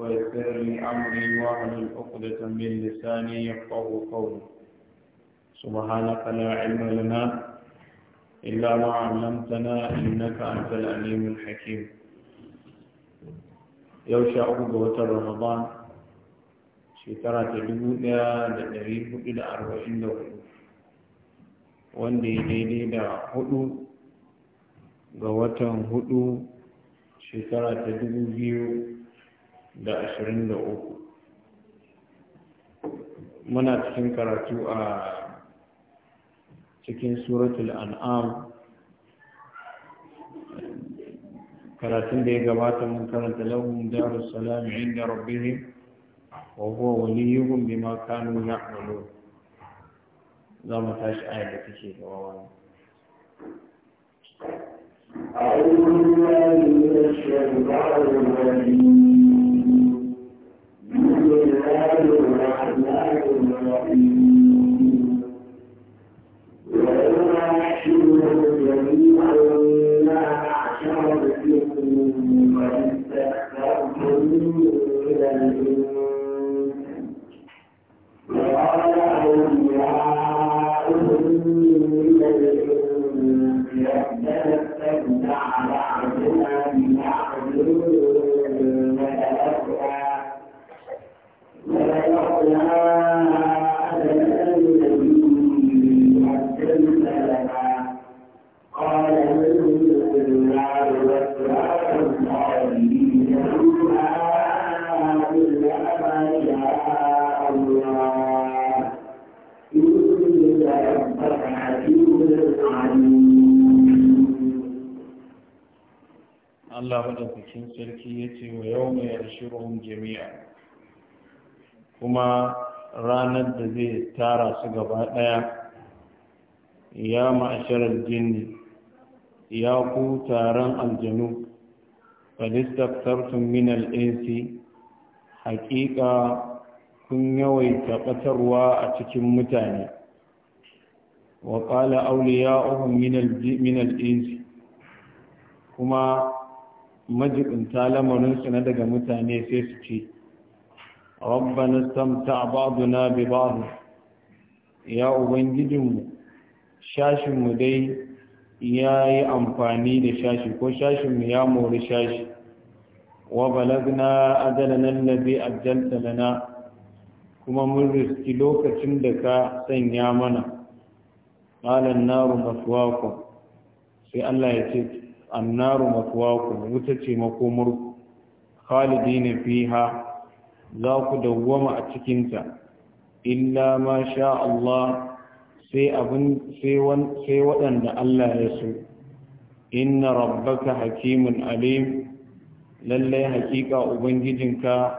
ويسر لي أمري واحلل عقدة من لساني يفقه قولي سبحانك لا علم لنا الا ما علمتنا انك انت العليم الحكيم يوشع قوة رمضان شكرا الدنيا لدريب إلى اربعين دولة wanda ya daidai da hudu ga watan hudu shekara ta dubu biyu da ashirin da uku muna cikin karatu a cikin suratul an'am karatun da ya gabata mun karanta lahum darus salam inda rabbihim wa huwa waliyuhum bima kanu ya'malu za mu tashi A da take gaba أعوذ بالله من الشيطان الرجيم Thank you. maɗaukakin sarki ya ce wa yau mai yarshirun jami'a kuma ranar da zai tara su gaba ɗaya ya ma'asharar jini ya ku taron aljanu falistaktartun minal insi haƙiƙa kun yawaita batarwa a cikin mutane wa ƙala auliya ohun minal insi kuma majibinta lamarinsu na daga mutane sai su ce na samta na bi ba'd ya ubangijinmu shashinmu dai ya yi amfani da shashi ko shashinmu ya mori shashi wa balagna ajalana allazi ajjalta lana kuma mun riski lokacin da ka sanya mana qalan naru ku, sai Allah ya ce annaru matwaku wuta ce makomar khalidina fiha za ku dawwama a cikinta illa ma sha Allah sai waɗanda Allah ya so inna rabbaka hakimun alim lallai hakika ubangijinka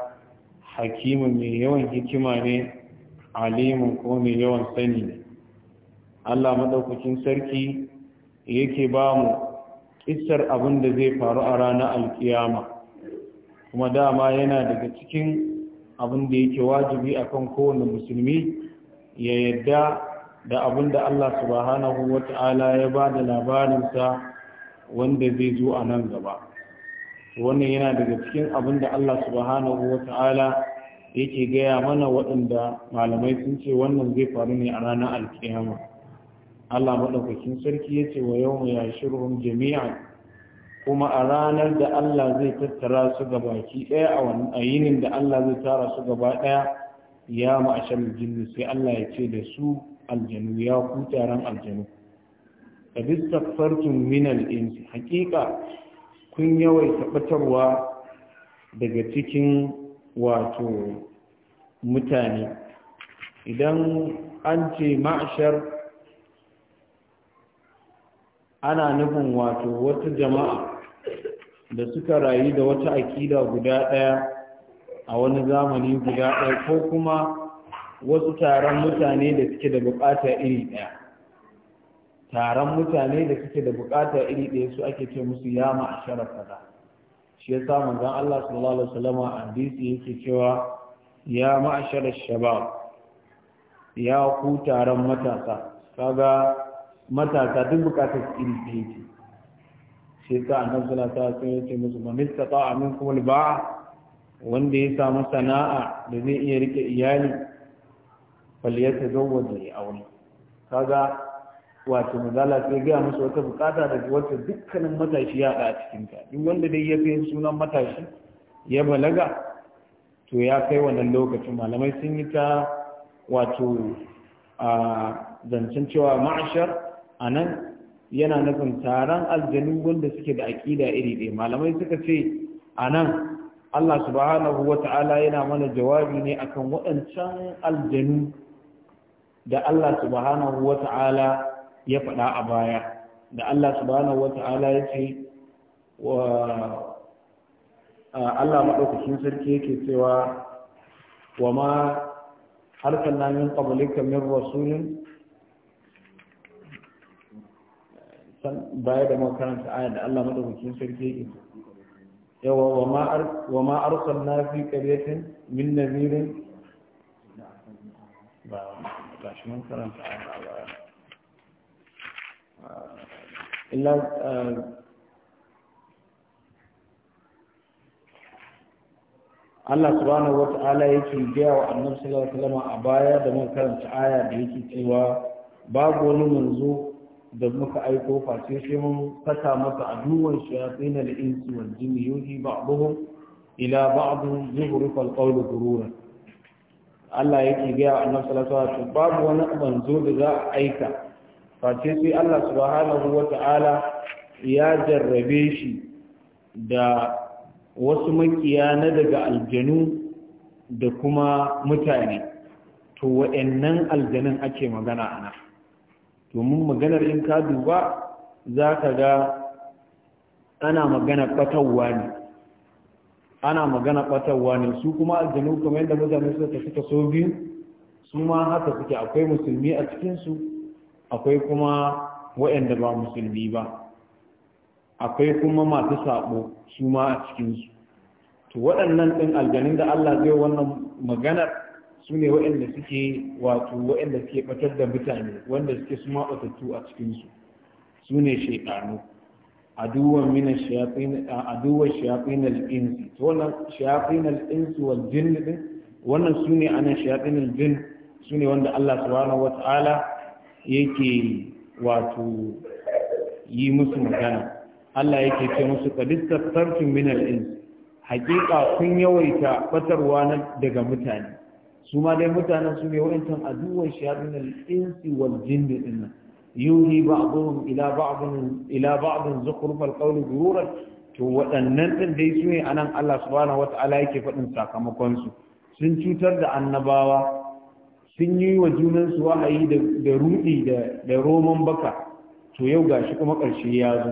hakimu mai yawan hikima ne alimun ko mai yawan sani ne Allah maɗaukakin sarki yake ba mu kissar abin da zai faru a ranar alkiyama kuma dama yana daga cikin abin da yake wajibi akan kowane musulmi ya yadda da abin da Allah subhanahu wata'ala ya ba da labarinsa wanda zai zo a nan gaba wannan yana daga cikin abin da Allah subhanahu wata'ala yake gaya mana waɗanda malamai sun ce wannan zai faru ne a ranar alkiyama Allah maɗaukakin sarki ya ce wa yau mu yashiruhum jami'a. kuma a ranar da Allah zai tattara su baki ɗaya a yinin da Allah zai tara su gaba ɗaya ya ma'ashar jinni sai Allah ya ce da su aljanu ya ku taron aljanu kad farkin Minal al-ins kun yawaita batarwa daga cikin wato mutane idan an ce ma'ashar ana nufin wato wata jama'a da suka rayu da wata akida guda ɗaya a wani zamani guda ɗaya ko kuma wasu taron mutane da suke da bukata iri ɗaya taron mutane da suke da bukata iri ɗaya su ake ce musu ya shara kaza shi ya sa manzon Allah sallallahu alaihi wasallam a hadisi yake cewa ya shara shabab ya ku taron matasa kaga matasa duk bukatar iri ɗaya ce shi ta annabi sallallahu alaihi wasallam ya ce musu man a min kuma ba wanda ya samu sana'a da zai iya rike iyali faliyarta zo wanda ya aure kaga wato mazala sai gaya musu wata bukata da wata dukkanin matashi ya a a ta duk wanda dai ya kai sunan matashi ya balaga to ya kai wannan lokacin malamai sun yi ta wato a zancen cewa ma'ashar a nan yana nufin taron aljanu wanda suke da aƙida iri ɗaya malamai suka ce a nan Allah subhanahu wata'ala yana mana jawabi ne akan waɗancan aljanu da Allah subhanahu wata'ala ta'ala ya faɗa a baya da Allah subhanahu wata'ala ya ce wa Allah maɗaukacin sarki yake cewa wa ma harkar na min min rasulun san baya da makaranta aya da Allah madaukakin sarki yake yawa wa ma arsalna fi qaryatin min nadirin ba ba shi mun karanta aya ba ah, illa ah, Allah subhanahu wa ta'ala yake gaya wa annabi sallallahu alaihi wasallam a baya da mun karanta aya da yake cewa babu wani manzo da muka aiko face sai mun fata masa aduwan shayatin al-insi wal jinni yuhi ba'dhum ila ba'd zuhruf al-qawl ghurura Allah yake ga Annabi sallallahu alaihi wasallam babu wani manzo da za a aika face sai Allah subhanahu wa ta'ala ya jarrabe shi da wasu makiya na daga aljanu da kuma mutane to wa'annan aljanun ake magana a nan domin maganar in ka duba za ka ga ana magana ɓatarwa ne ana magana ɓatarwa ne su kuma aljanu kamar yadda mutane suka tafi so biyu su ma haka suke akwai musulmi a cikinsu akwai kuma waɗanda ba musulmi ba akwai kuma masu saɓo su ma a cikinsu to waɗannan ɗin aljanin da Allah zai wannan maganar su ne waɗanda suke wato waɗanda suke ɓatar da mutane wanda suke su maɓatattu a cikinsu su ne shaiɗanu aduwan mina aduwan shayafin al'insi to wannan shayafin al'insi wal jinn din wannan su ne anan shayafin aljinn su ne wanda Allah subhanahu wata'ala yake wato yi musu magana Allah yake ce musu qadistastartum min al-ins haƙiƙa kun yawaita batarwa daga mutane su ma dai mutanen su ne wa'ancan aduwan shayatin al-insi wal jinni din yuhi ba'dhum ila ba'dhin ila ba'dhin zukhruf al-qawl to waɗannan din dai su ne anan Allah subhanahu wata'ala yake faɗin sakamakon su sun cutar da annabawa sun yi wa junan su wa'ayi da rudi da da roman baka to yau gashi kuma ƙarshe ya zo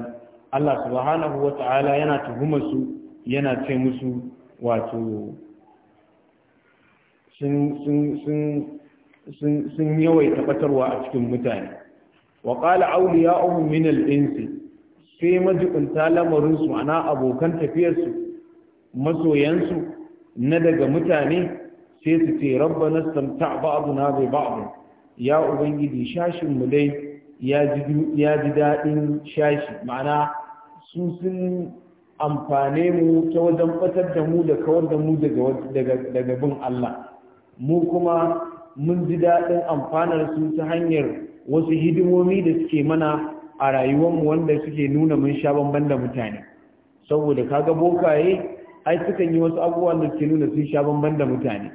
Allah subhanahu wata'ala yana tuhumar su yana ce musu wato sun yawaita batarwa a cikin mutane wa qala awliya'uhum min al-ins sai majikunta lamarinsu, su ana abokan tafiyar masoyansu masoyan na daga mutane sai su ce rabbana samta ba'duna bi ba'd ya ubangiji shashin mu dai ya ji ya ji shashi ma'ana su sun amfane mu ta wajen fatar da mu da kawar da mu daga bin Allah mu kuma mun ji daɗin amfanar su ta hanyar wasu hidimomi da suke mana a mu wanda suke nuna mun sha bamban da mutane saboda kaga bokaye ai sukan yi wasu abubuwan da suke nuna sun sha bamban da mutane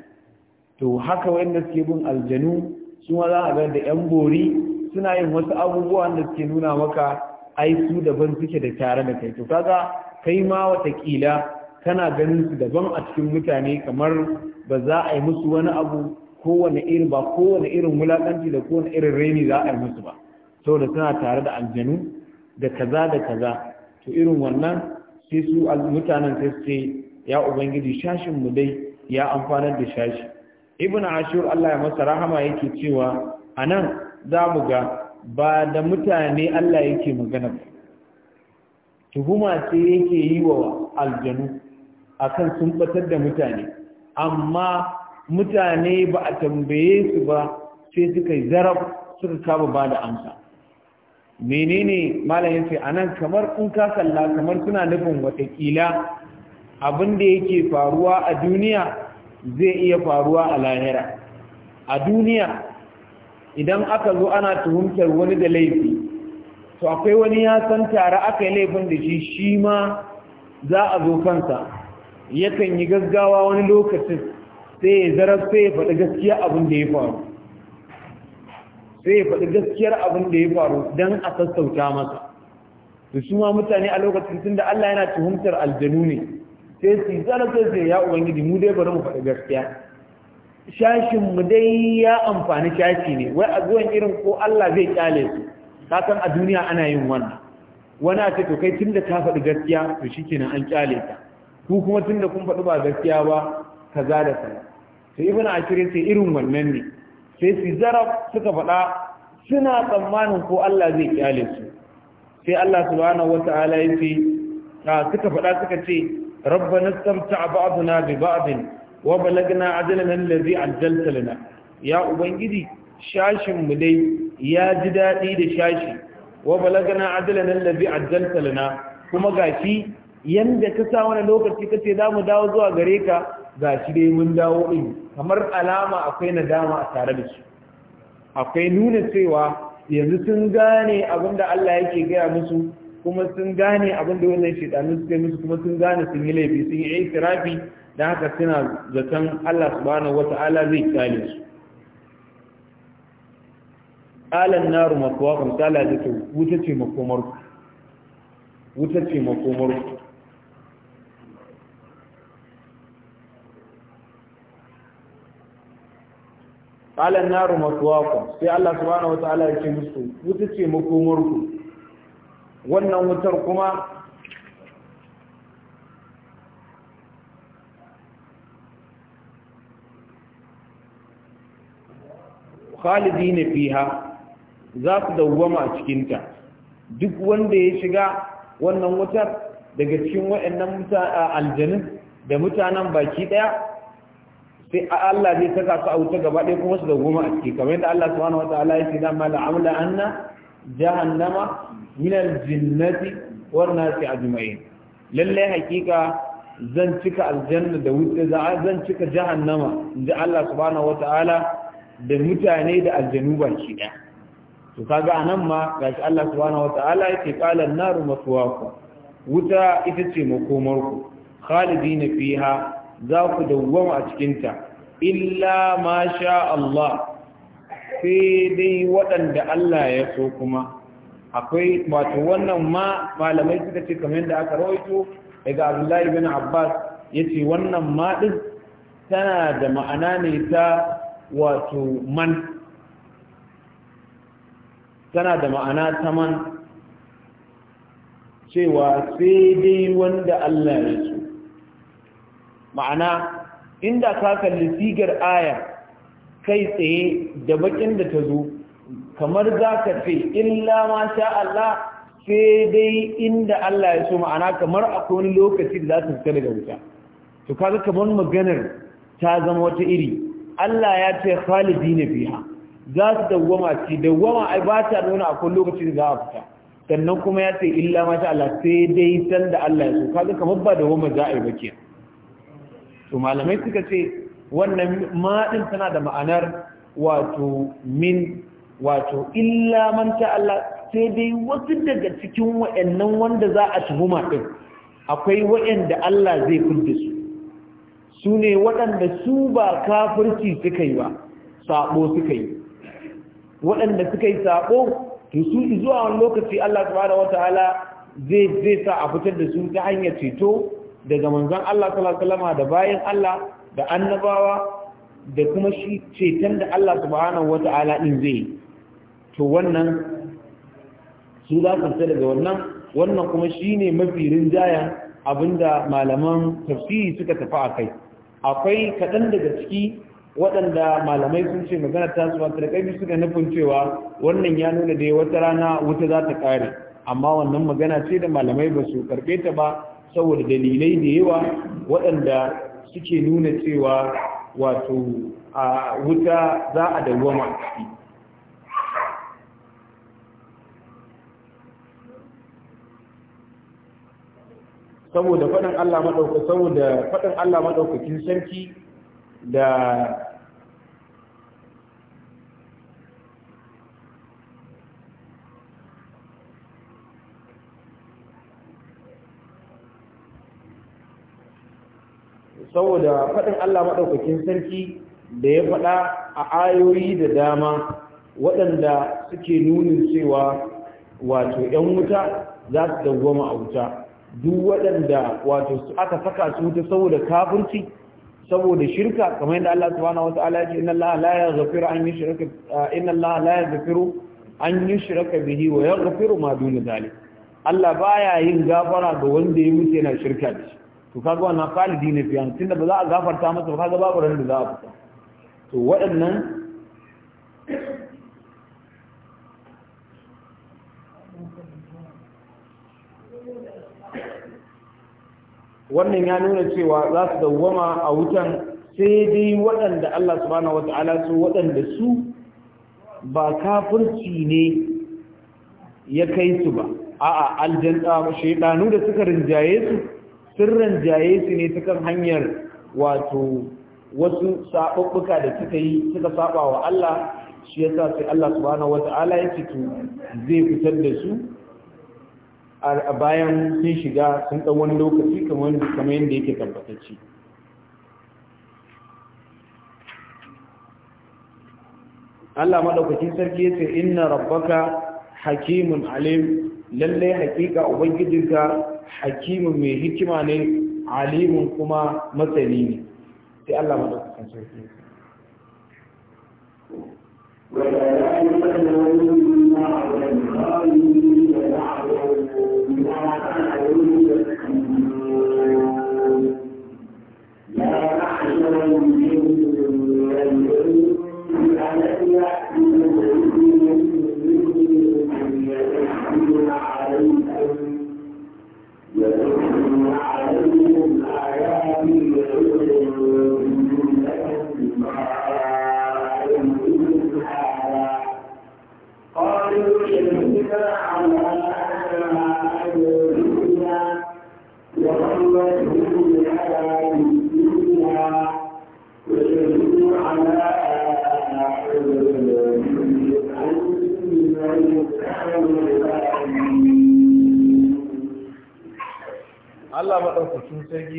to haka wanda suke bin aljanu su ma za a ga da yan bori suna yin wasu abubuwan da suke nuna maka ai su daban suke da tare da kai to kaga kai ma watakila kana ganin su daban a cikin mutane kamar ba za a yi musu wani abu kowane irin ba kowane irin wulakanci da kowane irin reni za a yi musu ba saboda suna tare da aljanu da kaza da kaza to irin wannan sai su mutanen sai ce ya ubangiji shashin mu dai ya amfana da shashi ibnu ashur Allah ya masa rahama yake cewa anan za mu ga ba da mutane Allah yake magana ba tuhuma sai yake yi wa aljanu akan sun batar da mutane amma mutane ba a tambaye su ba sai suka yi zarab suka kama ba da amsa menene malam yace anan kamar in ka kalla kamar suna nufin watakila abin da yake faruwa a duniya zai iya faruwa a lahira a duniya idan aka zo ana tuhumtar wani da laifi to akwai wani ya san tare aka yi laifin da shi shi ma za a zo kansa yakan yi gaggawa wani lokacin sai ya zarar sai ya faɗi gaskiyar abin da ya faru sai ya faɗi gaskiyar abin da ya faru don a sassauta masa to su ma mutane a lokacin tun da Allah yana tuhumtar aljanu ne sai su zarar sai sai ya ubangiji mu dai bari mu faɗi gaskiya shashin mu dai ya amfani shashi ne wai a zuwan irin ko Allah zai kyale su kasan a duniya ana yin wannan wani a ce to kai tun da ka faɗi gaskiya to shikenan an kyale ta ku kuma tun da kun faɗi ba gaskiya ba kaza da kaza sai ibn ashir sai irin wannan ne sai su zarab suka faɗa suna tsammanin ko Allah zai kyale su sai Allah subhanahu wataala yace suka faɗa suka ce rabbana istamta'a ba'duna bi ba'din wa balagna ajalana allazi ajjalta lana ya ubangiji shashin mu dai ya ji daɗi da shashi wa balagna ajalana allazi ajjalta lana kuma gashi yanda ka sa wani lokaci ka ce za mu dawo zuwa gare ka ga shi dai mun dawo din kamar alama akwai nadama a tare da shi akwai nuna cewa yanzu sun gane abin da Allah yake gaya musu kuma sun gane abin da wannan shaitanin suka musu kuma sun gane sun yi laifi sun yi itirafi da haka suna zaton Allah subhanahu wata'ala zai kyale su alan naru makuwa kun tsala da wuta ce makomar wuta ce makomar qala an-naru maswaqu sai Allah subhanahu wataala ya ce musu wuta ce makomurku wannan wutar kuma khalidina fiha za su dawwama a cikinta duk wanda ya shiga wannan wutar daga cikin a aljanin da mutanen baki ɗaya sai Allah zai saka su a wuta gaba ɗaya kuma su da goma a ciki kamar yadda Allah subhanahu wa ta'ala ya ce da mala amla anna jahannama min aljinnati wan nasi ajma'in lalle hakika zan cika aljanna da wuta zan cika jahannama inji Allah subhanahu wa ta'ala da mutane da aljanu baki ɗaya to kaga anan ma gashi Allah subhanahu wa ta'ala yake qala an-naru maswaakum wuta ita ce makomarku khalidina fiha za ku dawwama a cikinta illa ma sha Allah sai dai waɗanda Allah ya so kuma akwai wato wannan ma malamai suka ce kamar yadda aka rawaito daga Abdullahi bin Abbas yace wannan ma din tana da ma'ana ne ta wato man tana da ma'ana ta man cewa sai dai wanda Allah ya so ma'ana inda ka kalli sigar aya kai tsaye da bakin da ta zo kamar za ka ce illa ma sha Allah sai dai inda Allah ya so ma'ana kamar akwai wani lokaci da za su fita daga wuta to kaga kamar maganar ta zama wata iri Allah ya ce khalidi ne biya za su dawwama ci dawwama ai ba ta nuna akwai lokacin da za a fita sannan kuma ya ce illa ma sha Allah sai dai san da Allah ya so kaga kamar ba dawwama za a yi ba to malamai suka ce wannan maɗin tana da ma'anar wato min wato illa manta Allah sai dai wasu daga cikin wa'annan wanda za a tuhuma ɗin akwai wa'anda Allah zai furta su su ne waɗanda su ba kafirci suka yi ba saɓo suka yi waɗanda suka yi saɓo to su zuwa wani lokaci Allah subhanahu wata'ala zai zai sa a fitar da su ta hanyar ceto daga manzon Allah sallallahu alaihi da bayan Allah da annabawa da kuma shi ceton da Allah subhanahu wata'ala din zai to wannan su za su fita daga wannan wannan kuma shine mafi jaya abinda malaman tafsiri suka tafi a kai akwai kaɗan daga ciki waɗanda malamai sun ce magana ta su da su suka nufin cewa wannan ya nuna da wata rana wuta za ta ƙare amma wannan magana ce da malamai ba su karɓe ta ba saboda dalilai da yawa waɗanda suke nuna cewa wato a wuta za a dawwama ciki saboda faɗin Allah maɗaukakin sarki da saboda faɗin Allah maɗaukakin sarki da ya faɗa a ayoyi da dama waɗanda suke nunin cewa wato ‘yan wuta za su dawwama a wuta duk waɗanda wato su aka saka su wuta saboda kafirci saboda shirka kamar yadda Allah subhanahu wata'ala ya ce inna Allah la yaghfiru an yushraka inna Allah la yaghfiru an yushraka bihi wa yaghfiru ma duna zalik Allah baya yin gafara ga wanda ya mutu yana shirka da shi to kaga wannan khalidi ne fiyan tunda ba za a gafarta masa ba kaga babu ranar da za a fita to waɗannan wannan ya nuna cewa za su dawwama a wutan sai dai waɗanda Allah subhanahu wata'ala su waɗanda su ba kafirci ne ya kai su ba a'a aljanna shaydanu da suka rinjaye su sirran jaye su ne ta kan hanyar wato wasu sababbuka da suka yi suka saba wa Allah shi ya sa sai Allah subhanahu wa ta'ala ya fito zai fitar da su a bayan sun shiga sun ɗan wani lokaci kamar yadda yake tabbatacce Allah maɗaukacin sarki ya ce inna rabbaka hakimun alim lallai hakika ubangijinka hakimu mai hikima ne alimun kuma matsayi ne sai Allah madaukakin sarki وَلَا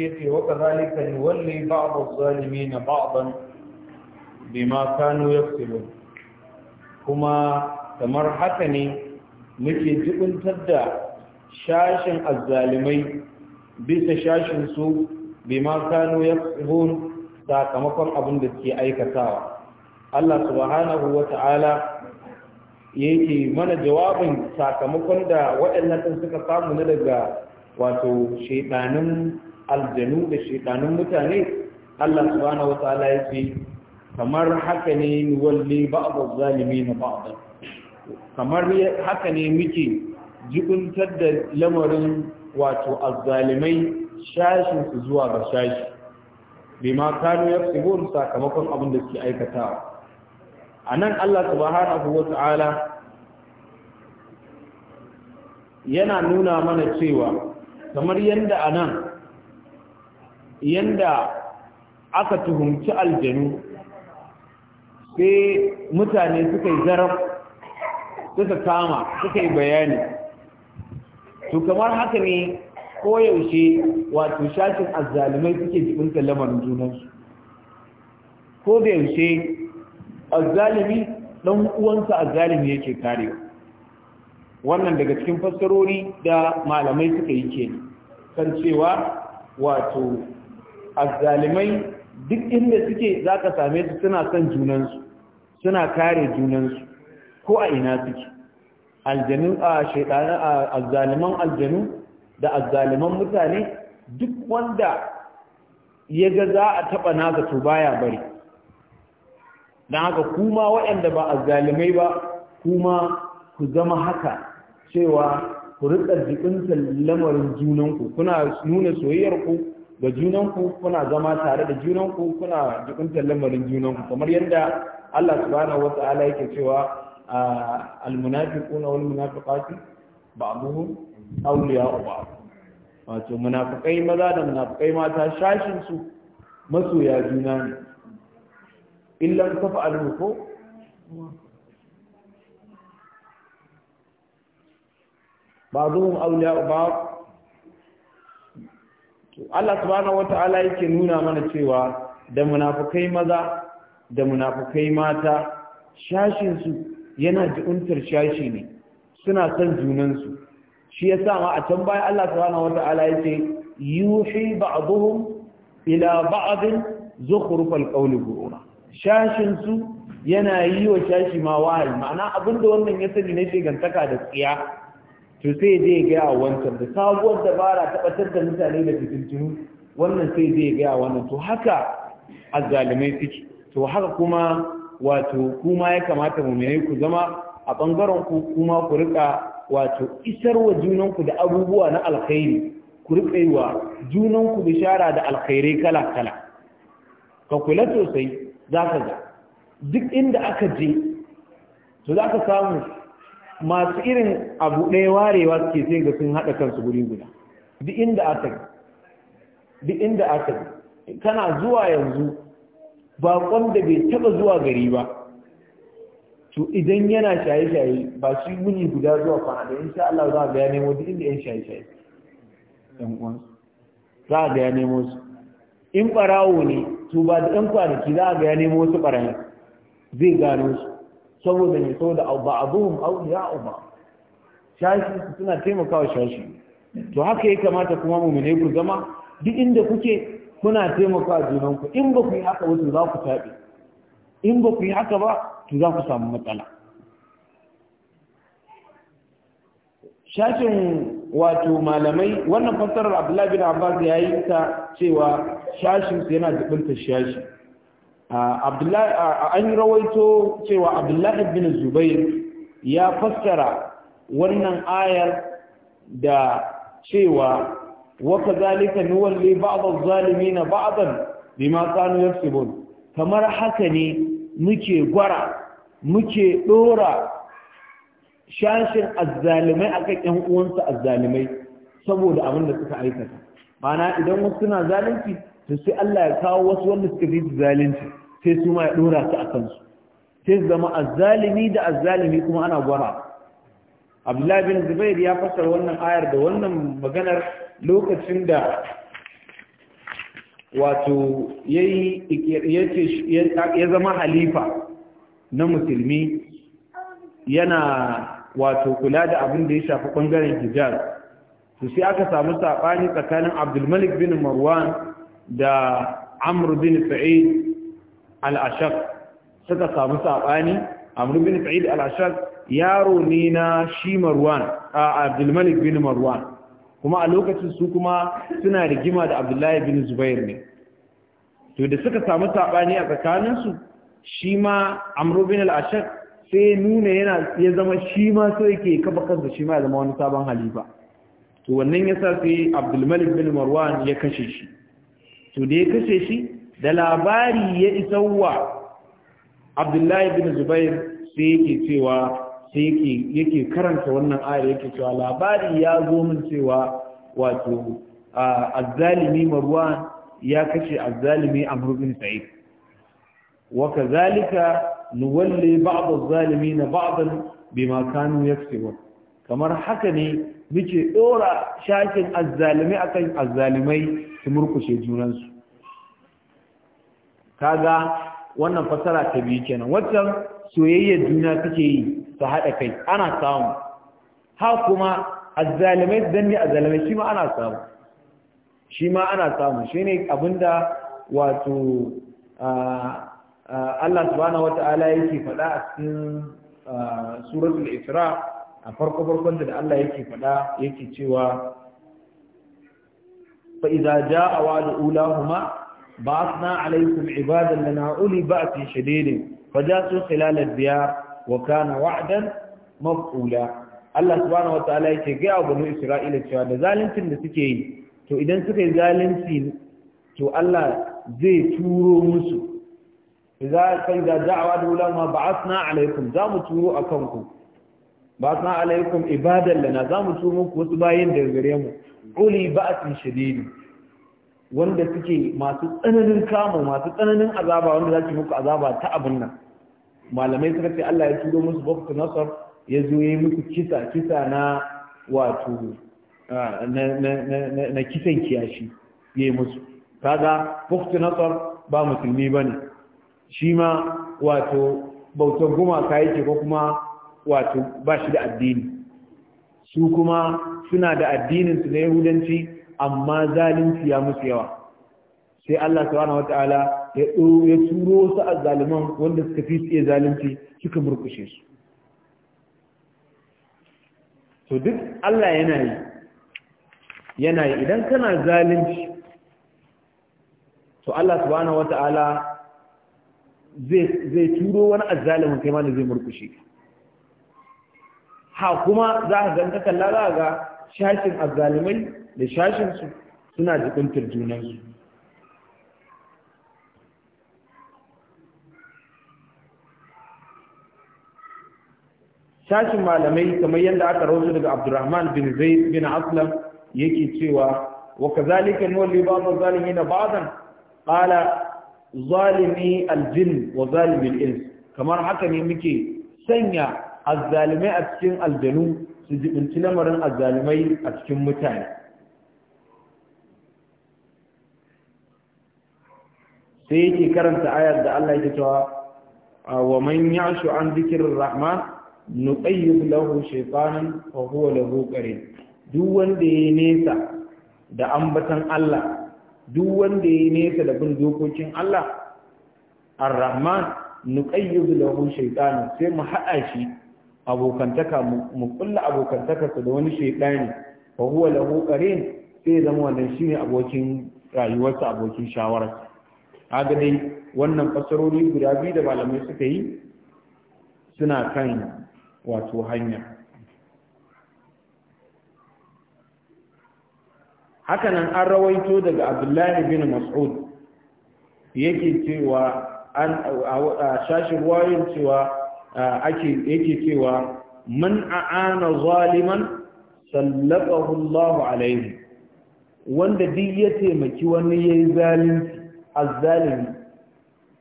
yace wa kadhalika yuwalli ba'd az-zalimin ba'dan bima kanu yaktubun kuma kamar haka ne muke jibintar da shashin azzalimai bisa shashin su bima kanu yaktubun sakamakon abin da suke aikatawa Allah subhanahu wa ta'ala yake mana jawabin sakamakon da waɗannan suka samu na daga wato shaidanin aljanu da shekanun mutane Allah subhanahu wataala ya ce kamar haka ne zalimi na ba ba'd kamar haka ne muke jikuntar da lamarin wato azzalimai shashin su zuwa ga shashi ya fi yafsibun sakamakon abin da suke aikatawa anan Allah subhanahu wataala yana nuna mana cewa kamar yadda a nan yanda aka tuhumci aljanu sai mutane suka yi zarar suka kama suka yi bayani to kamar haka ne ko yaushe wato shashin azzalumai suke jibinta lamarin junansu ko da yaushe azzalumi dan uwansa azzalumi yake kare wannan daga cikin fassarori da malamai suka yi ke kan cewa wato azzalimai duk inda suke za ka same su suna son junansu suna kare junansu ko a ina suke aljanu a a azzaliman aljanu da azzaliman mutane duk wanda ya ga za a taɓa naza to baya bari don haka kuma waɗanda ba azzalimai ba kuma ku zama haka cewa ku riƙa jikinta lamarin junanku kuna nuna soyayyar ku da junanku kuna zama tare da junanku kuna jikuntar lamarin junanku kamar yadda Allah subhanahu wa ta'ala yake cewa al-munafiquna wal munafiqati ba'dhum awliya'u ba'd wato munafikai maza da munafikai mata shashin su masoya juna ne illa tafa'alu ko ba'dhum awliya'u ba'd to Allah subhanahu wata'ala yake nuna mana cewa da munafukai maza da munafukai mata shashin su yana ji'untar shashi ne suna son junansu shi ya ma a can baya Allah subhanahu wata'ala yake yuhi ba'dhum ila ba'd zukhrufal qawli ghurura shashin su yana yi wa shashi ma wahayi ma'ana abinda wannan ya sani na shegantaka da tsiya to sai zai gaya wancan da sabuwar dabara ta batar da mutane da fitintunu wannan sai zai gaya wannan to haka azzalimai suke to haka kuma wato kuma ya kamata mu muminai ku zama a bangaren ku kuma ku rika wato isar wa junanku da abubuwa na alkhairi ku rika yi wa junanku bishara da alkhairai kala kala ka kula sosai za ka ga duk inda aka je to za ka samu masu irin abu ɗaya warewa suke sai ga sun haɗa kansu guri guda duk inda aka yi duk inda aka yi kana zuwa yanzu baƙon da bai taɓa zuwa gari ba to idan yana shaye-shaye ba su yi muni guda zuwa kwana da insha Allah za a ga ya nemo duk inda yan shaye-shaye ɗan za a ga ya nemo su in ɓarawo ne to ba da ɗan kwanaki za a ga ya nemo wasu ɓarayin zai gano su saboda ne saboda ba'aduhum awliya'u ba shashi suna taimakawa shashi to haka ya kamata kuma mu ne ku zama duk inda kuke kuna taimakawa junanku in ba ku yi haka ba to za ku tabe in ba ku yi haka ba to za ku samu matsala shashin wato malamai wannan fassarar abdullahi bin abbas ya yi ta cewa shashin yana jibinta shashi an rawaito cewa abdullahi bin zubair ya fassara wannan ayar da cewa waka zalika nuwalli zalimi na ba'dan bima kanu yaksubun kamar haka ne muke gwara muke dora shashin azzalimai akan 'yan uwansu azzalimai saboda abin da suka aikata mana idan wasu suna zalunci to sai Allah ya kawo wasu wanda suka fi zalunci sai su ma ya dora su a kansu sai su zama azzalimi da azzalimi kuma ana gwara Abdullahi bin Zubair ya fassara wannan ayar da wannan maganar lokacin da wato ya zama halifa na musulmi yana wato kula da abin da ya shafi bangaren hijaz to sai aka samu saɓani tsakanin abdulmalik bin marwan da amru bin sa'id al-ashaq suka samu sabani amru bin sa'id al-ashaq yaro ne na shi marwan abdul malik bin marwan kuma a lokacin su kuma suna rigima da abdullahi bin zubair ne to da suka samu sabani a tsakaninsu shi ma amru bin al-ashaq sai nuna yana ya zama shi ma sai yake kafa kansa shi ma ya zama wani sabon halifa to wannan yasa sai Abdulmalik malik bin marwan ya kashe shi to da ya kashe shi da labari ya isa wa abdullahi bin zubair sai yake cewa sai yake karanta wannan ayar yake cewa labari ya zo min cewa wato azzalimi marwan ya kashe azzalimi amr bin sa'id wa kazalika nuwalli ba'd az-zalimin ba'dan bima kanu yaksubun kamar haka ne muke dora shakin azzalumai akan azzalumai su murkushe junansu kaga wannan fasara ta biyu kenan waccan soyayyar juna take yi su haɗa kai ana samu ha kuma azzalimai ne azzalumai shi ma ana samu shi ma ana samu shi ne abinda wato Allah subhanahu wata'ala yake faɗa a cikin suratul isra a farko farkon da Allah yake faɗa yake cewa fa idza jaa wa'du ulahuma ba'athna 'alaykum 'ibadan lana uli ba'sin shadidin jaa'u khilal ad-diyar wa kana wa'dan maf'ula Allah subhanahu ta'ala yake ga banu Isra'ila cewa da zaluncin da suke yi to idan suka yi zalunci to Allah zai turo musu idza fa da da'awa da ulama ba'athna alaykum za mu turo akan ku ba sa alaikum ibadan lana za mu so muku wasu bayan daga gare mu uli ba'atin shadidi wanda suke masu tsananin kama masu tsananin azaba wanda za muku azaba ta abin nan malamai suka ce Allah ya turo musu bakwai nasar ya zo ya yi muku kisa kisa na wato na kisan kiyashi ya yi musu kaga bakwai nasar ba musulmi ba ne shi ma wato bautar gumaka yake ko kuma wato ba shi da addini su kuma suna da addinin su na yahudanci amma zalunci ya musu yawa sai Allah subhanahu wataala ya ya turo su a zaliman wanda suka fi su zalunci suka murkushe su to duk Allah yana yi yana yi idan kana zalunci to Allah subhanahu wataala zai zai turo wani azzalimin kai ma da zai murkushe ka ha kuma za ka ganta kalla za ga shashin azzalimai da shashin su suna jikuntar su shashin malamai kamar yadda aka rawaito daga Abdurrahman bin Zaid bin Aslam yake cewa wa kazalika nuli ba'd az na ba'dan qala zalimi al wa zalimi al kamar haka ne muke sanya azzalimai a cikin aljanu su jibinci lamarin azzalimai a cikin mutane sai yake karanta ayar da Allah yake cewa wa man ya'shu an zikrir rahman nuqayyib lahu shaytanan wa huwa lahu qarin duk wanda yayi nesa da ambatan Allah duk wanda yayi nesa da bin dokokin Allah ar-rahman nuqayyib lahu shaytanan sai mu haɗa shi abokantaka mu kulla abokantaka da wani shaytani fa huwa lahu qarin sai zama wannan shine abokin rayuwarsa abokin shawararsa kaga dai wannan fasarori guda biyu da malamai suka yi suna kan wato hanya hakanan an rawaito daga abdullahi bin mas'ud yake cewa an a shashin cewa ake yake cewa man a'ana zaliman sallaqahu Allahu alaihi wanda duk ya taimaki wani yayi zalimi azzalimi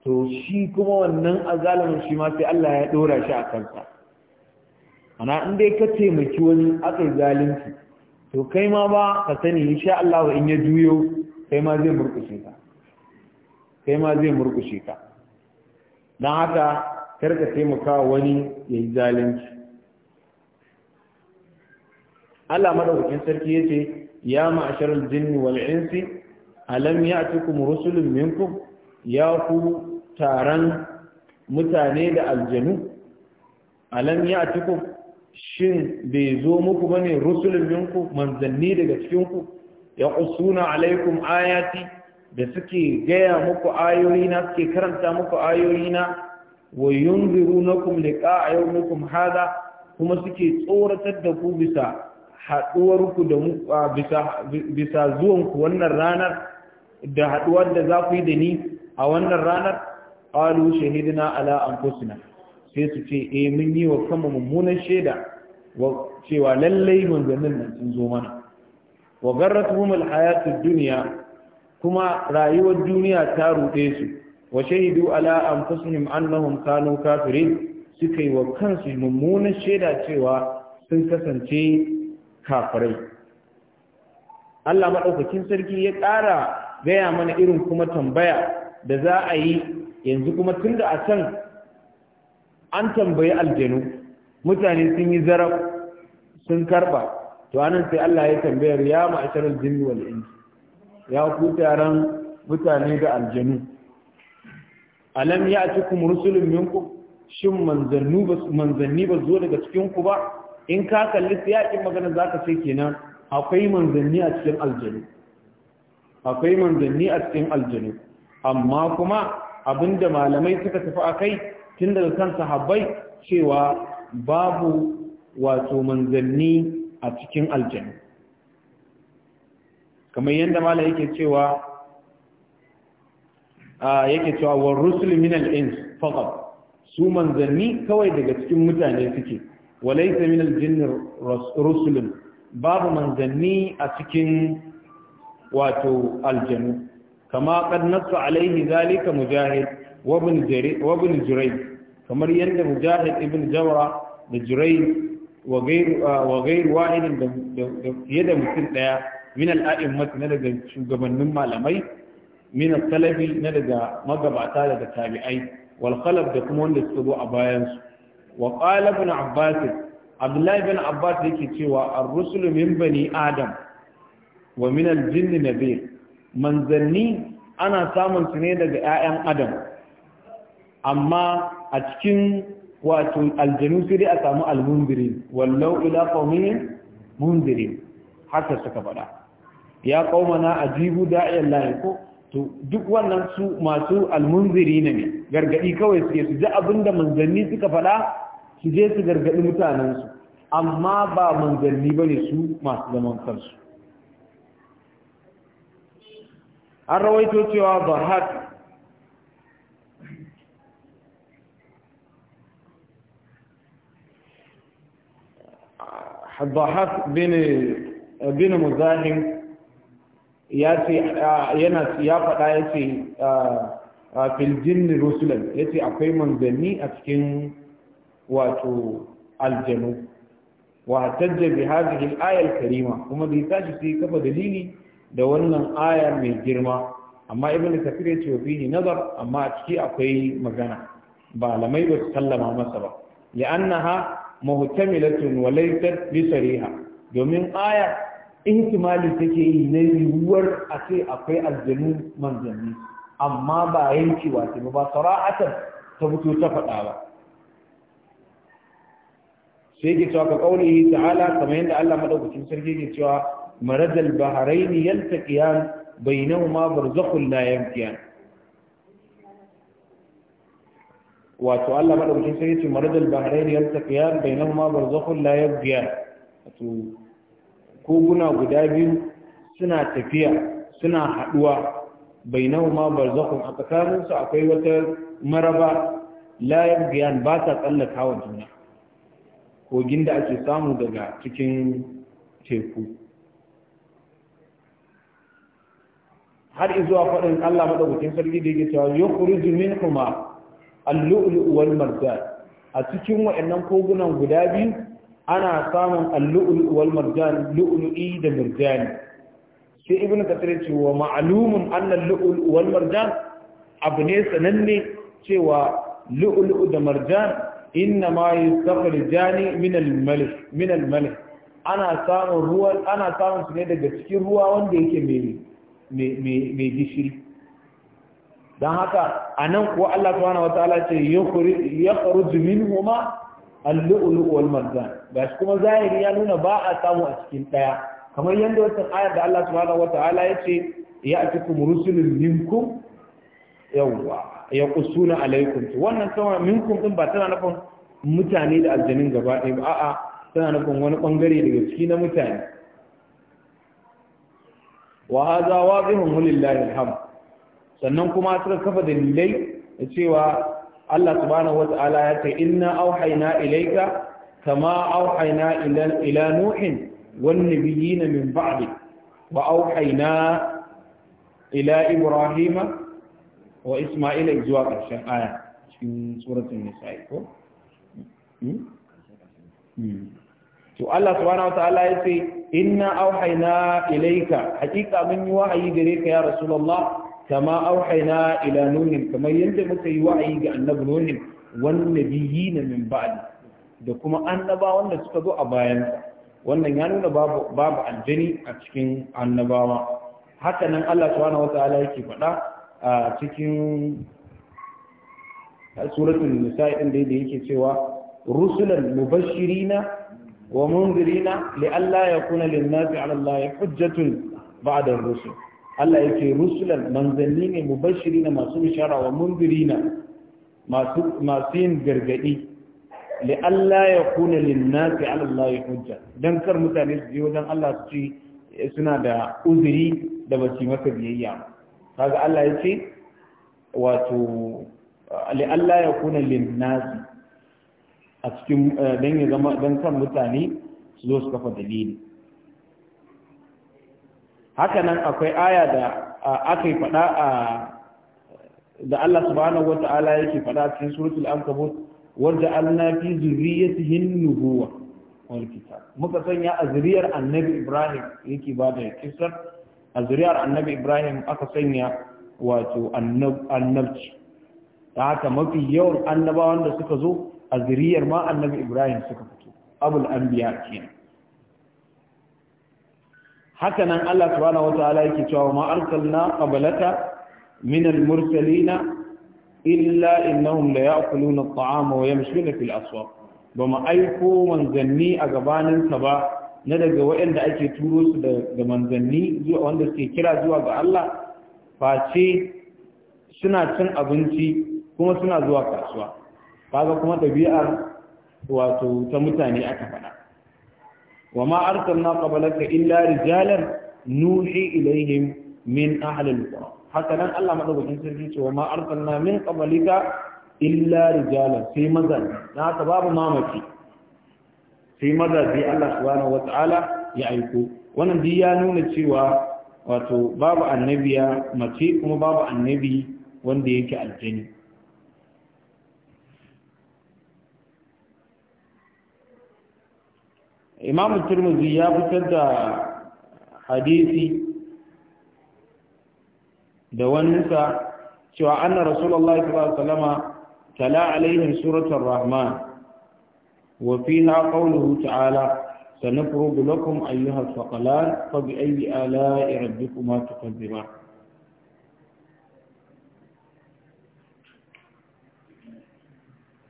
to shi kuma wannan azzalimin shi ma sai Allah ya dora shi a kansa ana in dai ka taimaki wani akai zalunci to kai ma ba ka sani insha Allah in ya juyo kai ma zai murkushe ka kai ma zai murkushe ka dan haka karka taimaka wani ya yi zalunci Allah madaukakin sarki yace ya ma'asharal jinni wal insi alam ya'tikum rusulun minkum ya ku taran mutane da aljanu alam ya'tikum shin bai zo muku bane rusulun minku, manzanni daga cikin ku ya usuna alaikum ayati da suke gaya muku ayoyina suke karanta muku ayoyina wa yunzirunakum liqa'a yawmikum hadha kuma suke tsoratar da ku bisa haduwar ku da bisa bisa zuwan ku wannan ranar da haduwar da za ku yi da ni a wannan ranar qalu shahidna ala anfusina sai su ce eh mun yi wa kanmu mummunan shaida wa cewa lallai manzannin nan sun zo mana wa garratuhum alhayatud dunya kuma rayuwar duniya ta ruɗe su wa shahidu ala anfusihim annahum kanu kafirin suka yi wa kansu mummunan shaida cewa sun kasance kafirai Allah madaukakin sarki ya ƙara gaya mana irin kuma tambaya da za a yi yanzu kuma tunda a can an tambayi aljanu mutane sun yi zaraf sun karba to anan sai Allah ya tambayar ya ma'asharul jinni wal insi ya ku taron mutane da aljanu alam ya ya'tikum rusulun minkum shin manzannu ba manzanni ba zo daga cikin ku ba in ka kalli yakin magana zaka ce kenan akwai manzanni a cikin aljanu akwai manzanni a cikin aljanu amma kuma abinda malamai suka tafi a kai tun daga kan sahabbai cewa babu wato manzanni a cikin aljanu kamar yadda malam yake cewa yake cewa wa rusul min al-ins faqat su manzanni kawai daga cikin mutane suke walaysa min al-jinn rusulun babu manzanni a cikin wato aljanu kama qad nasu alaihi zalika mujahid wa ibn jarir wa ibn jurayj kamar yanda mujahid ibn jawra da jurayj وغير واحد da fiye da mutum daya min al'a'in masu na daga shugabannin malamai min salafi na daga magabata daga tabi'ai wal da kuma wanda suka zo a bayansu. su wa qala abbas abdullahi ibn abbas yake cewa ar-rusulu min adam wa min al-jinn nabir manzanni ana samun su ne daga 'ya'yan adam amma a cikin wato aljanu sai a samu almundirin wallau ila qaumin mundirin haka suka faɗa ya qaumana ajibu da'iyan lahi ko to duk wannan su masu almunziri ne gargadi kawai suke su ji abinda manzanni suka faɗa su je su gargadi mutanensu amma ba manzanni ba ne su masu zaman kansu an rawaito cewa bahad الضحاك بن bin muzahim ya ce yana ya faɗa ya ce filjin rusulan ya ce akwai manzanni a cikin wato aljanu wa hatajja bi hadhihi al karima kuma bai tashi sai kafa dalili da wannan aya mai girma amma ibnu kafir ya ce wa fihi nazar amma a ciki akwai magana ba lamai ba su kallama masa ba li'annaha muhtamilatun wa laysat bi sariha domin ayar. ihtimali take yi na yiwuwar a ce akwai aljanu manzanni amma ba yankewa ce ba sara'atan ta fito ta faɗa ba sai ke cewa ka kauli ta'ala kamar yadda Allah madaukakin sarki ke cewa maradal baharaini yaltaqiyan bainahuma barzakhun la yamtiyan wato Allah madaukakin sarki ce maradal baharaini wato koguna guda biyu suna tafiya suna haɗuwa ma barzakun a tsakanin su akwai wata maraba la yabghiyan ba ta tsallaka wa juna kogin da ake samu daga cikin teku har izuwa faɗin Allah madaukakin sarki da yake cewa yau kuri al kuma allu'ul'uwar marjan a cikin waɗannan kogunan guda biyu ana samun al-lu'lu wal marjan lu'lu'i da marjani sai ibn kathir ce wa ma'lumun anna al-lu'lu wal marjan abu ne sananne cewa lu'lu da marjan inna ma yustakhrijani min al-malh min al-malh ana samun ruwa ana samun su ne daga cikin ruwa wanda yake mai mai gishiri don haka a nan kuwa Allah subhanahu wa ta'ala ce ya kharuju minhuma al-lu'lu' wal marjan gashi kuma zahiri ya nuna ba a samu a cikin daya kamar yanda wannan ayar da Allah subhanahu wata'ala yace ya'tikum rusulun minkum yawwa qusuna alaykum wannan kuma minkum din ba tana nufin mutane da aljanin gaba ɗaya ba a'a tana nufin wani bangare daga ciki na mutane wa hadha wadihun lillahi alhamd sannan kuma suka kafa dalilai cewa Allah subhanahu wata'ala ya ce inna auhayna ilayka kama auhayna ila ila nuhin wan nabiyina min ba'di wa auhayna ila ibrahima wa isma'ila zuwa karshen aya cikin suratul nisa'i ko hmm? Hmm. to Allah subhanahu wataala ya ce inna auhayna ilayka hakika mun yi wahayi gare ka ya rasulullah Tama auhaina ila nuhin kamar yadda muka yi wa'ayi ga annabi nuhin wan nabiyina min ba'di da kuma annaba wanda suka zo a bayan wannan ya nuna babu babu aljani a cikin annabawa Hakanan Allah subhanahu wataala yake faɗa a cikin suratul nisa din da yake cewa rusulan mubashirina ومنذرين لئلا يكون للناس على الله حجة بعد الرسل Allah ya ce rusulan manzanni ne mubashiri na masu bishara wa na masu yin gargadi li Allah ya kuna linnasi ala Allah ya hujja dan kar mutane su je wajen Allah su ci eh, suna da uzuri da ba ci masa biyayya kaga Allah ya ce wato li Allah ya kuna linnasi a cikin eh, dan ya zama dan kan mutane su zo su kafa dalili haka nan akwai aya da aka yi faɗa a da Allah subhanahu wata'ala yake faɗa cikin suratul ankabut wanda alna fi zurriyatihin nubuwa wal kitab muka sanya a zuriyar annabi Ibrahim yake ba da kisar a zuriyar annabi Ibrahim aka sanya wato annabci ta haka mafi yawan annabawan da suka zo a zuriyar ma annabi Ibrahim suka fito abul anbiya kenan haka nan Allah subhanahu wataala yake cewa ma arsalna qablaka min al-mursalin illa innahum la ya'kuluna at-ta'ama wa yamshuna fil aswaq ma aiko manzanni a gabanin sa ba na daga waɗanda ake turo su da manzanni zuwa wanda suke kira zuwa ga Allah face suna cin abinci kuma suna zuwa kasuwa kaga kuma ɗabi'ar wato ta mutane aka faɗa wa ma arsalna qablaka illa rijalan nuhi ilaihim min ahli al-qura haka nan Allah madaukakin sarki ce wa ma arsalna min qablika illa rijalan sai mazaje na haka babu mamaki sai mazaje Allah subhanahu ya aiko wannan duk ya nuna cewa wato babu annabiya mace kuma babu annabi wanda yake aljani imam turmuzi ya fitar da hadisi da waninsa cewa anna rasulullahi sallallahu alaihi wasallam tala alaihim suratul rahman wa fiha qawluhu ta'ala sanafrudu lakum ayyuha thaqalan fa bi ayyi ala'i rabbikuma kuma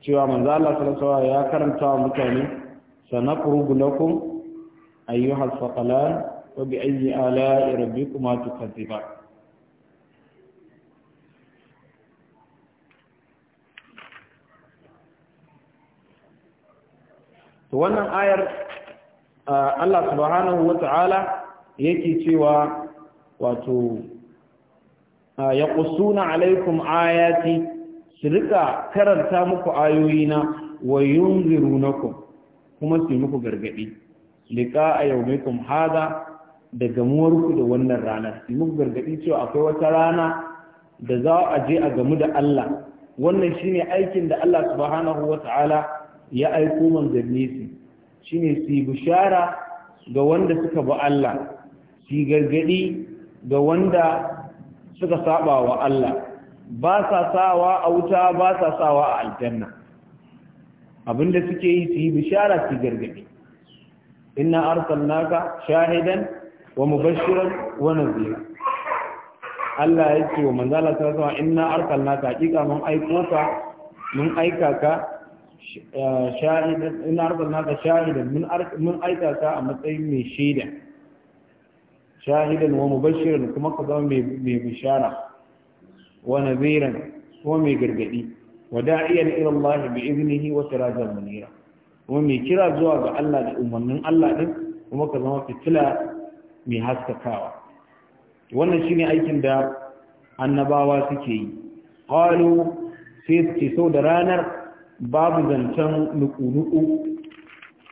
cewa manzo Allah sallallahu alaihi wasallam ya karanta mutane سنقرب لكم أيها الثقلان وبأي آلاء ربكما تكذبان wannan ayar ah, Allah subhanahu wata'ala yake cewa wato ah, ya ƙusuna alaikum ayati su rika karanta muku ayoyina wa yunzirunakum kuma su muku gargadi liƙa a yawmikum hada da gamuwarku da wannan rana su muku gargadi cewa akwai wata rana da za a je a gamu da Allah wannan shine aikin da Allah subhanahu ta'ala ya aiko manzanni su shine su bishara ga wanda suka bi Allah su gargadi ga wanda suka saba wa Allah ba sa sawa a wuta ba sa sawa a aljanna abinda suke yi su yi bishara su gargadi inna arsalnaka shahidan wa mubashiran wa nadhira Allah ya ce wa manzo ta sama inna arsalnaka hakika mun aiko ka mun aika ka eh, shahidan inna arsalnaka shahidan mun mun aika ka a matsayin mai shaida shahidan wa mubashiran kuma ka zama mai bishara wa nadhiran kuma mai gargadi wada'iyan ila Allah bi iznihi wa sirajan munira kuma mai kira zuwa ga Allah da umarnin Allah din kuma ka zama fitila mai haskakawa wannan shine aikin da annabawa suke yi qalu sai suke so da ranar babu zancen nuku-nuku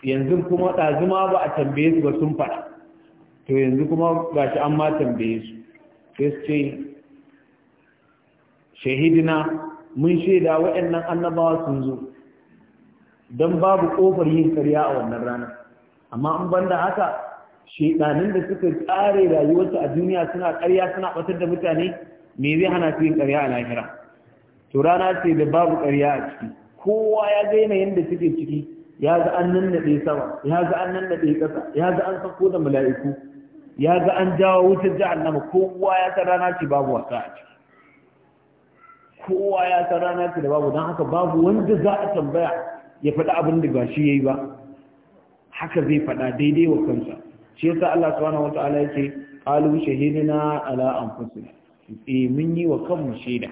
yanzu kuma ɗazuma ba a tambaye su ba sun faɗa to yanzu kuma gashi an ma tambaye su sai su ce shahidina mun shaida waɗannan annabawa sun zo don babu ƙofar yin karya a wannan ranar amma an banda haka shaidanin da suka tsare rayuwarsu a duniya suna karya suna batar da mutane me zai hana su yin karya a lahira to rana ce da babu karya a ciki kowa ya ga yanayin da suke ciki ya ga an ɗaya sama ya ga an ɗaya ƙasa ya ga an sako da mala'iku ya ga an jawo wutar jahannama kowa ya san rana ce babu wasa a ciki kowa ya san rana ce da babu don haka babu wanda za a tambaya ya faɗi abin da ba shi yi ba haka zai faɗa daidai wa kansa shi yasa Allah subhanahu wataala yake qalu shahidina ala anfusina eh mun yi wa kanmu shaida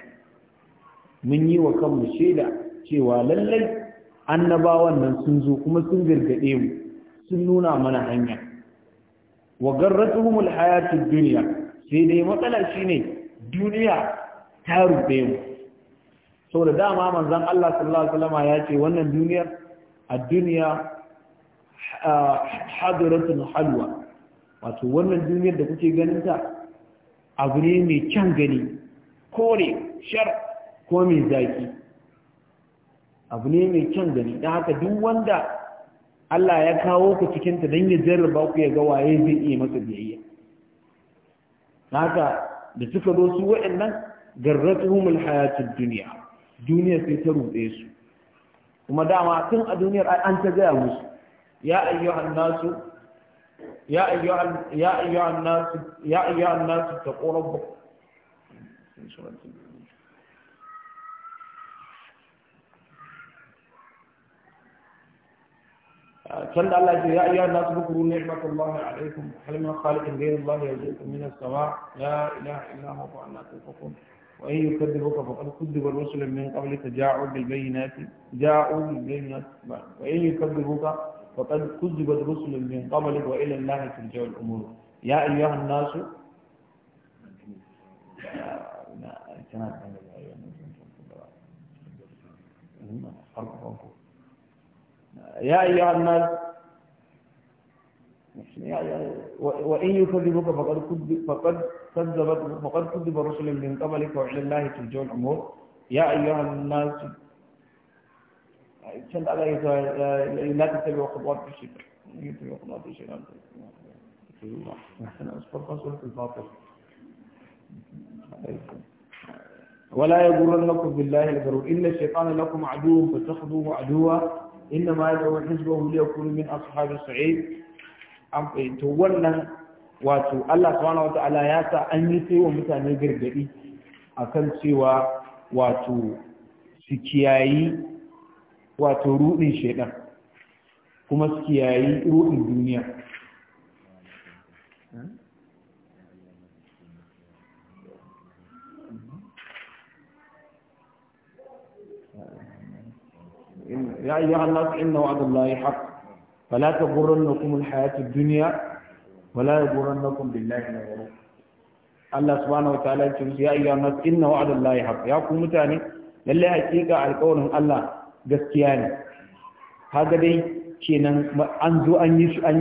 mun yi wa kanmu shaida cewa lallai annabawan nan sun zo kuma sun gargade mu sun nuna mana hanya wa garratuhum hayatud dunya sai dai matsala shine duniya ta rufe mu saboda dama manzon Allah sallallahu alaihi wasallama ya ce wannan duniyar a duniya hadiratun halwa wato wannan duniyar da kuke ganin ta abu ne mai kyan gani kore shar ko mai zaki abu ne mai kyan gani don haka duk wanda Allah ya kawo ku cikinta dan ya jarraba ku ya ga waye zai iya masa biyayya haka da suka zo su waɗannan garratuhumul hayatud duniya duniya sai ta ruɗe su kuma dama tun a duniyar an ta gaya musu ya ayyuhan nasu ya ayyuhan ya ayyuhan nasu ya ayyuhan nasu taqu rabbakum كان الله يا أيها الناس اذكروا نعمة الله عليكم هل من خالق غير الله يرزقكم من السماء لا إله إلا هو فأنا تؤفكون وإن يكذبك فقد كذب الرسل من قبلك جاءوا بالبينات جاءوا بالبينات وإن يكذبك فقد كذبت رسل من قبلك وإلى الله ترجع الأمور يا أيها الناس يا أيها الناس يعني، يعني، يعني، وإن يكذبك فقد كذب فقد كذبت فقد كذب رسل من قبلك وعلى الله ترجع الأمور يا أيها الناس شد على إيه؟ لا تتبعوا خطوات الشرك يتبعوا خطوات الشرك أحسن أسفر سورة الفاطر ولا يغرنكم بالله الغرور إن الشيطان لكم عدو فاتخذوه عدوا إنما يدعو حزبه ليكونوا من أصحاب السعيد an fahimta eh, wannan wato Allah subhanahu wata'ala ya sa an yi sai wa mutane gargadi akan cewa wato su kiyayi wato rudin shaidan kuma su kiyayi rudin duniya يا أيها الناس إن وعد الله حق fala ta gurran na kuma duniya wala ya gurran na kuma na wuri Allah subhanahu wa ta'ala ya iya nas inna wa'adan la yahab ya ku mutane lallai hakika alƙawarin Allah gaskiya ne kaga dai kenan an zo an yi an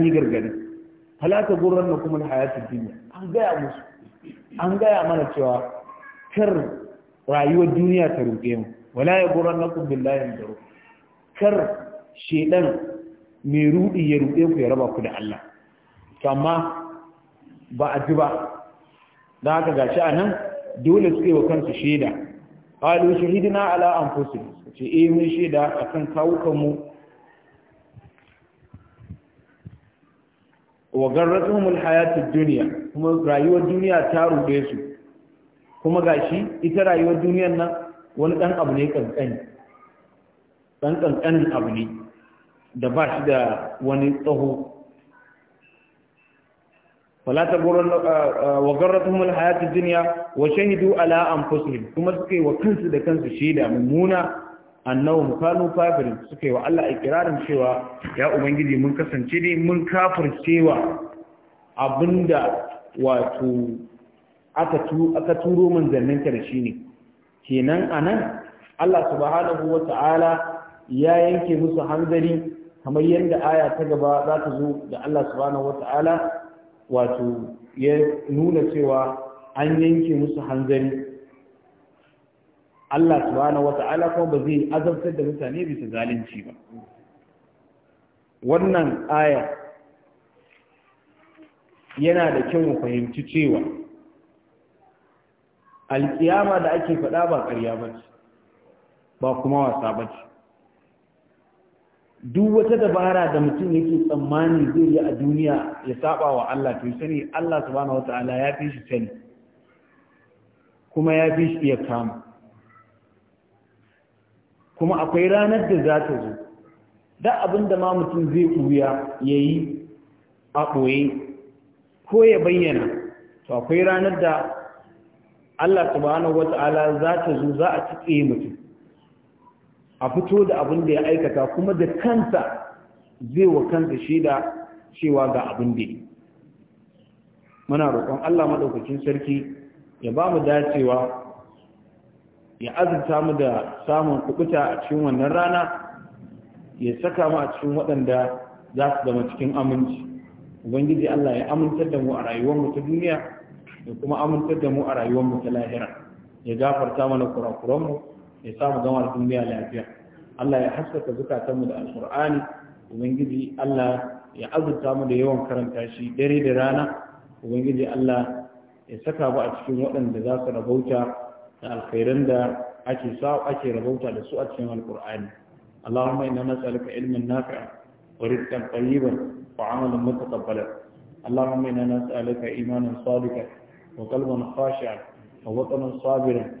ta gurran na kuma duniya an gaya mana cewa kar rayuwar duniya ta ruɗe mu wala ya gurran na kuma na wuri kar shedan mai ruɗi ya ruɗe ku ya raba ku da Allah to amma ba a ji ba don haka gashi a nan dole su yi wa kansu shaida qalu shahidna ala anfusihim ce eh mun shaida akan kawukan mu wa garratuhum alhayatud duniya, kuma rayuwar duniya ta ruɗe su kuma gashi ita rayuwar duniyar nan wani dan abu ne dan abu ne da ba shi da wani tsaho Wala ta gurin uh, uh, wa garratuhum mul ad-dunya wa shahidu ala anfusihim kuma suka yi wa kansu da kansu shaida mummuna annahu kanu kafirin suka yi wa Allah ikrarin cewa ya ubangiji mun kasance ne mun kafircewa abinda wato aka tu aka turo manzannin ka da shi ne kenan anan Allah subhanahu Ta'ala ya yanke musu hanzari kamar yadda aya ta gaba za ta zo da Allah subhanahu wata'ala wato ya nuna cewa an yanke musu hanzari Allah subhanahu wata'ala kuma ba zai azabtar da mutane bisa zalunci ba wannan aya yana da kyau mu fahimci cewa alkiyama da ake faɗa ba ƙarya ba ba kuma wasa ba ce duk wata dabara da mutum yake tsammani zai yi a duniya ya saba wa Allah to sani Allah subhanahu wataala ya fi shi sani kuma ya fi shi iya kama kuma akwai ranar da za ta zo da abin da ma mutum zai ɓuya ya yi a ɓoye ko ya bayyana to akwai ranar da Allah subhanahu wataala za ta zo za a cike mutum a fito da abin da ya aikata kuma da kansa zai wa kansa shaida cewa ga abin da muna roƙon Allah maɗaukacin sarki ya ba mu dacewa ya azurta mu da samun kubuta a cikin wannan rana ya saka mu a cikin waɗanda za su zama cikin aminci ubangiji Allah ya amintar da mu a rayuwar mu ta duniya da kuma amintar da mu a rayuwar mu ta lahira ya gafarta mana kurakuran mu. ya samu gama al'ummiya lafiya Allah ya haskaka mu da alkur'ani ubangiji Allah ya azurta mu da yawan karanta shi dare da rana ubangiji Allah ya saka mu a cikin waɗanda za su rabauta da alkhairan da ake sa ake rabauta da su a cikin alkur'ani اللهم إنا نسألك علما نافعا ورزقا طيبا وعملا متقبلا اللهم إنا نسألك Wa صادقا وقلبا Wa ووطنا صابرا